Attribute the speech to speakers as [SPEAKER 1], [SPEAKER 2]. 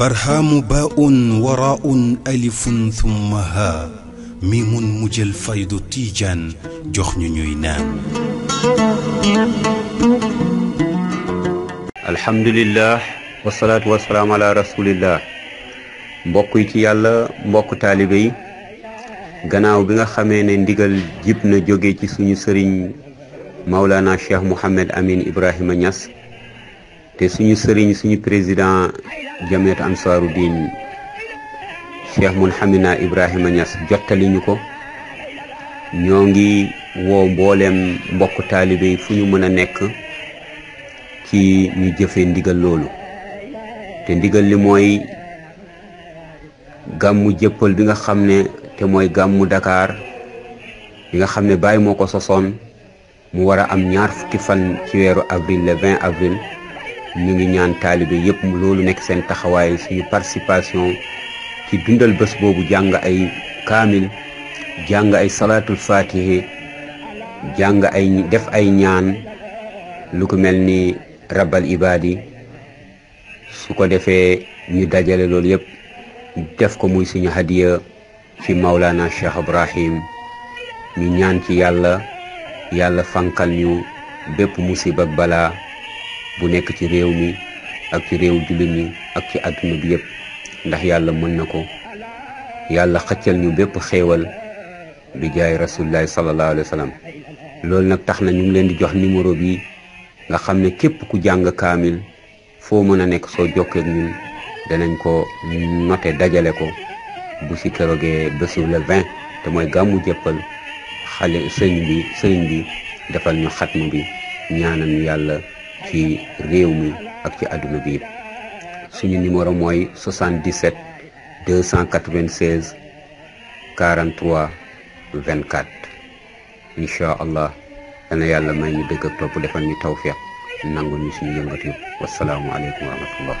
[SPEAKER 1] barhaamu baa waraa un alifun thumma haa mi mun mujjal faydu tiijaan jox ñu ñuy naan. alhamdulilah
[SPEAKER 2] wasalaatu wasalaam ala rasulillah mbokk yi ci yàlla mbokk taalibe gannaaw bi nga xamee ne ndigal jib na jóge ci suñu sëriñ. Maulana Cheikh Mouhamed Amin Ibrahima Niass te suñu sëriñ suñu président Jamiat Ansaaru Diin Cheikh Mounhamina Ibrahima Niass jottali ñu ko ñoo ngi woo mbooleem mbokk taalibe fu ñu mën a nekk ci ñu jëfee ndigal loolu te ndigal li mooy gàmmu jëppal bi nga xam ne te mooy gàmmu dakaar bi nga xam ne Baye moo ko sosoon mu war a am ñaar fukki fan ci weeru avril le 20 avril ñu ngi ñaan taalibe yépp loolu nekk seen taxawaay suñu participation ci dundal bés boobu jàng ay kaamil jàng ay salaatul faatihi jàng ay def ay ñaan lu ko mel ni rabbal ibaadi su ko defee ñu dajale loolu yépp def ko muy suñu hadiya ci Maulana Cheikh Ibrahim ñu ñaan ci yàlla yàlla fankal ñu bépp musiba ak balaa bu nekk ci réew mi ak ci réew jullit ñi ak ci àdduna bi yépp ndax yàlla mën na ko yàlla xëccal ñu bépp xéewal bi jaay rasulillahi sallallahu alayhi wa loolu nag tax na ñu ngi leen di jox numéro bi nga xam ne képp ku jàng kaamil foo mën a nekk soo jokkee ak danañ ko note dajale ko bu si keroogee bésu le te mooy gàmmu jëppal xale sëriñ bi sëriñ bi defal ñu xatma bi ñaanal yàlla ci réew mi ak ci àdduna bi yëpp suñu numéro mooy 77 296 43 24 incha allah dana yàlla may ñu dëgg ak topp defal ñu tawféex nangu ñu suñu yëngatu yëpp wasalaamualeykum wa rahmatullah